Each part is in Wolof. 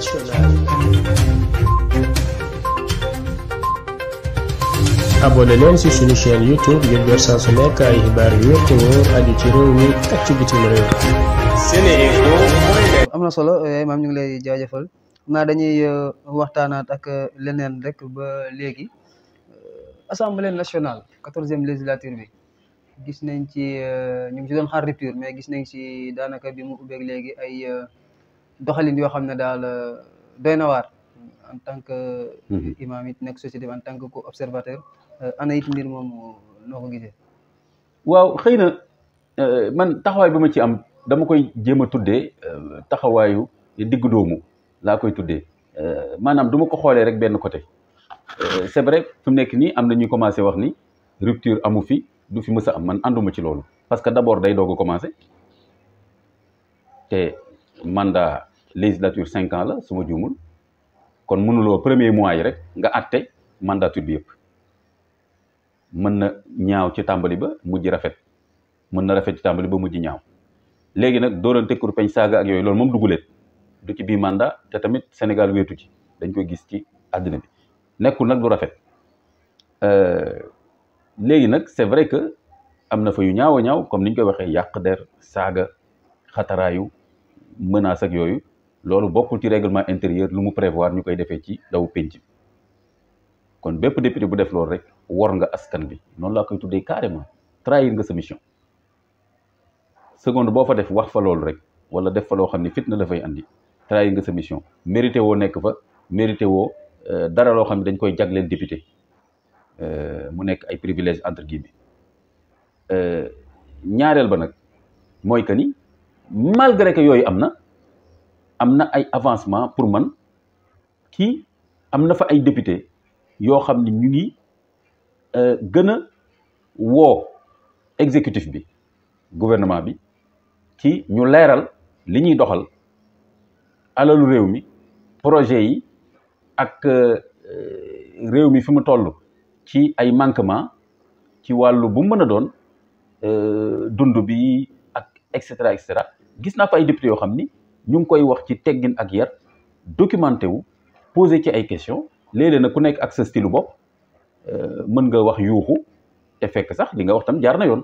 internationale. abonné leen ci suñu chaîne youtube ngir jot saa su nekk ay xibaar yu wér ci réew mi ak ci bitim am na solo eh, maam ñu ngi lay jaajëfal ma dañuy eh, waxtaanaat ak eh, leneen rek ba léegi assemblée nationale quatorzième législature bi gis nañ ci ñu ngi ci doon xaar rupture mais gis nañ ci daanaka bi mu ubbeeg léegi ay. doxalin yoo xam ne daal euh, doy na waar en tant que mhm. imam it nekk société en tant que ko observateur euh, ana it mbir moom noo ko gisee waaw xëy na euh, man taxawaay ba ma ci am dama koy jéem a tuddee taxawaayu diggu laa koy tuddee maanaam du ma ko xoolee rek benn côté c'est vrai fu mu nekk nii am na ñuy commencé wax ni rupture amu fi du fi mës a am man ànduma ci loolu parce que d'abord day doog a commencé te mandat législature cinq ans la suma ma kon mënuloo premier mois yi rek nga àtte mandature bi yëpp mën na ñaaw ci tàmbali ba mujj rafet mën na rafet ci tàmbali ba mujj ñaaw léegi nag doorante kur peñ saaga ak yooyu loolu moom duguleet du ci bii mandat te tamit Sénégal wéetu ci dañ ko gis ci àddina bi nekkul nag du rafet euh, léegi nag c'est vrai que am na fa yu ñaaw a ñaaw comme niñ ñu koy waxee yàq der saaga xataraayu menace ak yooyu loolu bokkul ci réglement intérieur lu mu prévoir ñu koy defee ci daw penc kon bépp député bu def loolu rek wor nga askan bi noonu laa koy tuddee carrément trahir nga sa mission seconde boo fa def wax fa loolu rek wala def fa loo xam ne fitna la fay andi trahir nga sa mission woo nekk fa mérité woo euh, dara loo xam ne dañ koy jagleel député euh, mu nekk ay privilège entre guillemets euh, ñaareel ba nag mooy que ni malgré que yooyu am na. am na ay avancement pour man ci am na fa ay député yoo xam ne ñu ngi euh, gën a woo exécutif bi gouvernement bi ci ñu leeral li ñuy doxal alalu réew mi projet yi ak euh, euh, réew mi fi mu toll ci ay manquement ci wàllu bu mën a doon dund bi ak et cetera et cetera gis naa fa ay député yoo xam ni ñu ngi koy wax ci teggin ak yat documenté wu posé ci ay question léeg-léeg ku nekk ak sa style bopp euh, mën nga wax yuuxu te fekk sax li nga wax tam jaar na yoon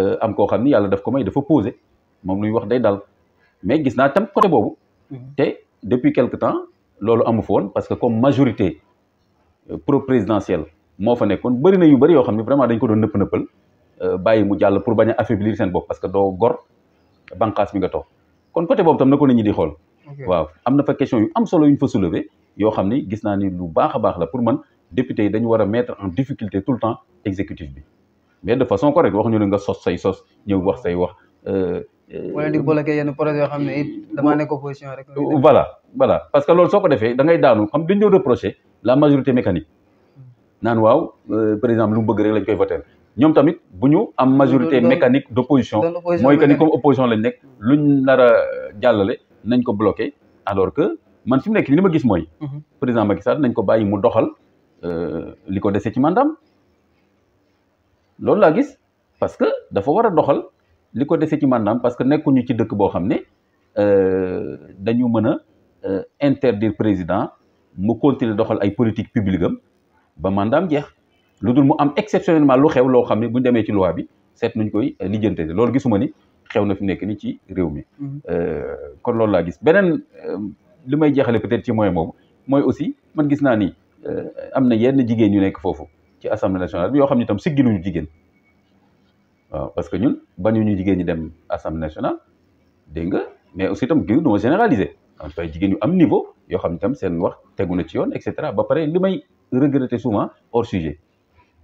euh, am koo xam ni yàlla daf ko may dafa posé moom luy wax day dal mais gis naa tam côté boobu mhm. te depuis quelque temps loolu amu fa woon parce que comme majorité euh, pro présidentielle moo fa nekkoon bëri na yu bari yoo xam ne vraiment dañ ko doon nëpp nëppal bàyyi mu jàll pour bañ a seen bopp parce que doo gor banqaas bi nga toog kon côté boobu tam na ko nit ñi di xool waaw am na fa question yu am solo yu fa soulever yoo xam ni gis naa ni lu baax a baax la pour man député yi dañu war a mettre en difficulté tout le temps exécutif bi mais de façon correcte waxuñu la nga sos say sos ñëw wax say wax euh, euh, wala di bloqué yoo xam ne it damaa nekk opposition rek voilà voilà parce que loolu soo ko defee da ngay daanu xam dañu doon reproché la majorité mécanique naan waaw euh, par exemple lu mu bëgg rek lañ koy voté ñoom tamit bu ñu lu nar a jàllale nañ ko bloqué alors que man su mu nekk li ma gis mooy. Mhm. président Macky Sall nañ ko bàyyi mu doxal euh, li ko desee ci mandaam loolu laa gis parce que dafa war a doxal li ko dese ci mandaam parce que nekkuñu ci dëkk boo xam ne euh, dañu mën a euh, interdire président mu continuer doxal ay politique publique ba mandaam jeex lu dul mu am exceptionnellement lu xew loo xam ne buñ demee ci loi bi seet nuñ koy lijjante loolu gisuma ni. xew na fi nekk nii ci réew mi. Mhm. Euh, kon loolu laa gis beneen euh, li may jeexale peut-être ci moyen boobu mooy aussi man gis naa ni euh, am na yenn jigéen yu nekk foofu ci assemblée nationale bi yoo xam ne si siggiluñu jigéen waaw parce que ñun ñu jigéen ñi dem assemblée national dégg nga mais aussi itam gis duma généraliser am fay jigéen yu am niveau yoo xam ne seen wax tegu na ci yoon et cetera ba pare li may regretter souvent hors sujet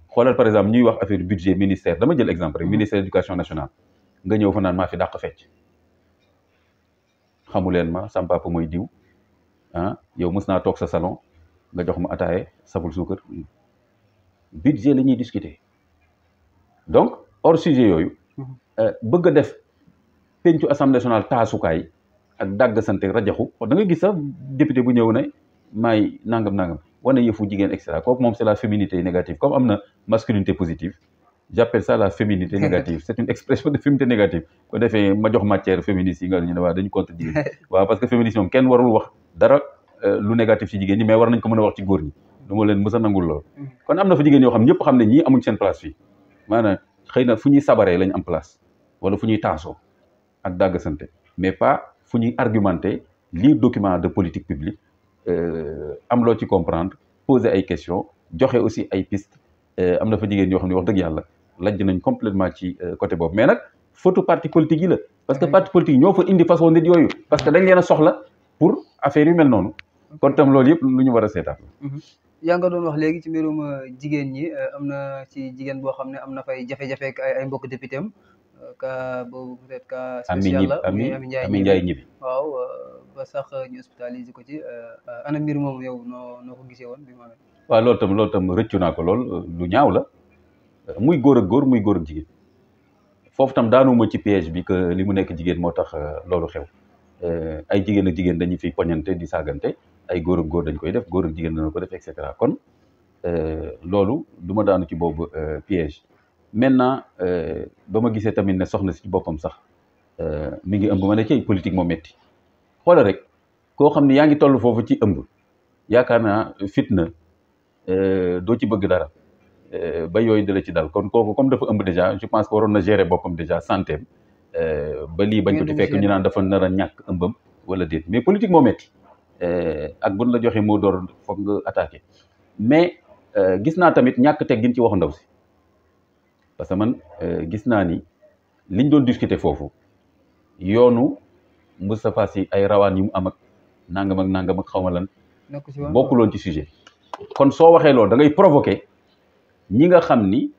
xoolal par exemple ñuy wax affaire budget ministère dama jël exemple rek ministère éducation nga ñëw fa naan maa fi dàq fecc xamu leen ma sam papa mooy diw ah, yow mës naa toog sa salon nga jox ma ataaye saful suukar budget la ñuy discuter donc hors sujet yooyu mhm. euh, bëgg a def pencu assemblée nationale taasukaay ak dàgg sante rajaxu oh, da nga gis sax député bu ñëw ne maay nangam nangam wane yëfu jigéen et cetera kooku moom c'est la féminité négative comme am na masculinité positive j'appelle ça la féminité négative c'est une expression de féminité négative ko defee ma jox matière féministe yi nga ñu ne waaw dañu contre jigéen waaw parce que féministe moom kenn warul wax dara euh, lu négatif ci jigéen mais war nañ ko mën a wax ci góor ñi du ma leen mës a nangul lool mm. kon am na fa jigéen yoo xam ñëpp xam ne ñii amuñ seen place fii maanaam xëy na fu ñuy sabaree lañ am place wala fu ñuy taasoo ak dàgg sante mais pas fu ñuy argumenter lire document de politique publique euh, am loo ci comprendre poser ay questions joxe aussi ay euh, am na fa jigéen ñoo xam ne wax dëgg yàlla lajj nañ complètement ci euh, côté boobu mais nag photo parti politique yi la parce que parti politique ñoo fa indi façon nit yooyu parce que dañ leen a soxla pour affaire yu mel noonu kon tam loolu yëpp lu ñu war a mhm. yaa nga doon wax léegi ci mbirum euh, jigéen ñi euh, am na ci jigéen boo xam ne am na fay jafe-jafe ak ay mbokk député am ka boobu peut être ka spécial la ami ami Ndiaye ñibi waaw ba sax ñu hospitalisé ko ci ana mbir moom yow noo ko gisee woon bi ma waaw tam loolu tam rëccu naa ko lool lu ñaaw la Euh, muy góor ak góor muy góor ak jigéen foofu tam daanuma ci piège bi ko li mu nekk jigéen moo tax euh, loolu xew euh, ay jigéen ak jigéen dañu fiy poñante di saagante ay góor ak góor dañ koy def góor ak jigéen dana ko def et cetera kon loolu du ma daanu ci boobu piège maintenant ba ma gisee tamit ne soxna si ci boppam sax mi ngi ëmb ma ne ci politique moo métti xoola rek koo xam ne yaa ngi toll foofu ci ëmb yaakaar na fitna doo ci bëgg dara Euh, ba yooyu di ci dal kon kooku comme dafa ëmb déjà je pense que waroon na gérer boppam déjà santé euh, ba lii bañ ko di fekk ñu naan dafa nar a ñàkk ëmbam wala déet mais politique moo metti euh, ak buñ la joxee moo door foog nga attaqué mais gis naa tamit ñàkk teggin ci waxu ndaw si parce que man gis naa ni liñ doon discuter foofu yoonu Moustapha Sy ay rawaan yu mu am ak nangam ak nangam xaw ma lan bokkuloon ci sujet kon soo waxee loolu da ngay provoqué ñi nga xam ni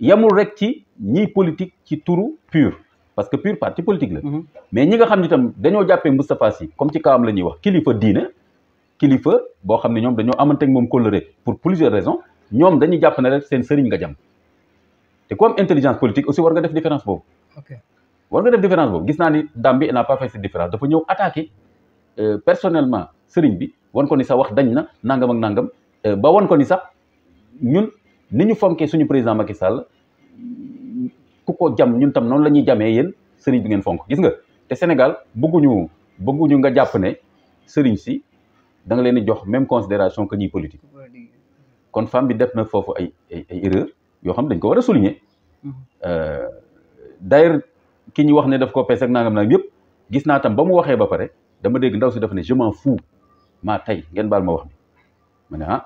yemul rek ci ñiy politique ci tour pur parce que pur parti politique la. Mhm. mais ñi nga xam ni tam dañoo jàppee Moustapha yi comme ci kawam la ñuy wax kilifa diine kilifa boo xam ne ñoom dañoo amante moom kóllëre pour plusieurs raisons ñoom dañuy jàpp ne rek seen sëriñ nga jam te ku am intelligence politique aussi war nga def différence boobu. ok war nga def différence boobu gis naa ni dame bi n'a pas fait cette différence dafa ñëw attaqué euh, personnellement bi wan ko ni sa wax dañ na nangam ak nangam euh, ba wan ko ni ni ñu fonkee suñu président Macky Sall ku ko jam ñun tam noonu la ñuy jamee yéen sëriñ bi ngeen fonk gis nga te Sénégal bëgguñu bëgguñu nga jàpp ne sëriñ si da nga leen di jox même considération que ñuy politique kon femme bi def na foofu ay ay ay yoo xam dañ ko war a souligner mm-hmm. euh, d'ailleurs ki ñu wax ne daf koo pees ak nangam nag yëpp gis naa tam ba mu waxee ba pare dama dégg ndaw si dafa ne je m'en fous maa tey ngeen baal ma wax bi ma ne ah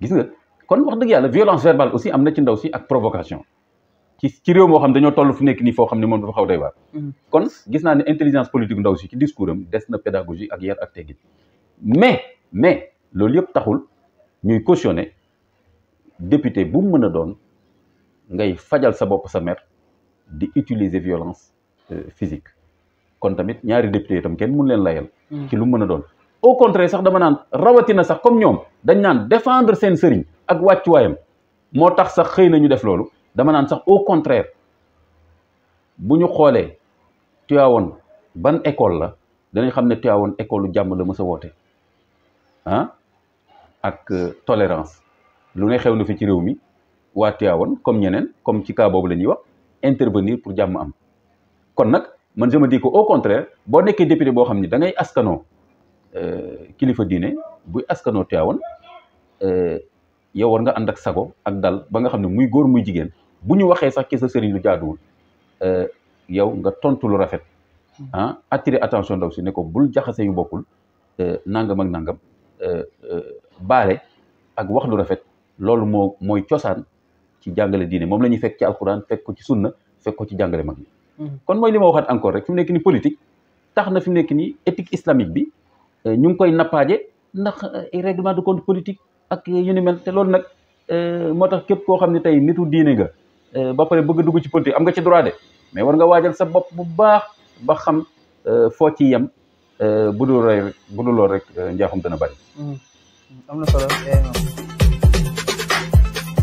gis nga kon wax dëgg yàlla violence verbale aussi am na ci ndaw si ak provocation ci ci réew moo xam dañoo toll fu nekk nii foo xam ne moom dafa xaw day waar mm-hmm. kon gis naa ne intelligence politique ndaw si ci discours am des na pédagogie ak yar ak teggin mais mais loolu yëpp taxul ñuy cautionné député bu mu mën a doon ngay fajal sa bopp sa mer di utiliser violence euh, physique kon tamit ñaari député itam kenn mun leen layal mm. ci lu mu mën a doon au contraire sax dama naan rawatina sax comme ñoom dañ naan défendre seen sëriñ ak wàccuwaayam moo tax sax xëy na ñu def loolu dama naan sax au contraire bu ñu xoolee Tivaouane ban école la danañ xam ne Tivaouane école lu jàmm la mës a woote ah ak euh, tolérance lu ne xew na fi ci réew mi waa Tivaouane comme ñeneen comme ci cas boobu la ñuy wax intervenir pour jàmm am kon nag man je me dis au contraire boo nekkee député boo xam ni da ngay askanoo euh, kilifa diine buy askanoo Tivaouane euh, yow war nga ànd ak sago ak dal ba nga xam ne muy góor muy jigéen bu ñu waxee sax ki sa sëriñ lu jaaduwul euh, yow nga tontu lu rafet ah attirer attention ndaw si ne ko bul jaxase yu bokkul euh, nangam ak nangam euh, baale ak wax lu rafet loolu moo mooy cosaan ci jàngale diine moom la ñuy fekk ci alquran fekk ko ci sunna fekk ko ci jàngale mag ñi hmm. kon mooy li ma waxaat encore rek fi nekk ni politique tax na fi nekk nii éthique islamique bi ñu ngi koy nappaaje ndax eh, règlement de compte politique ak yu ni mel te loolu nag eh, moo tax képp koo xam ne tey nitu diine nga eh, ba pare bëgg dugg ci politique am nga ci droit de mais war nga waajal sa bopp bu baax ba xam foo ci yem bu dul rek bu dul lool rek njaaxum dana bari hmm. Hmm. am na solo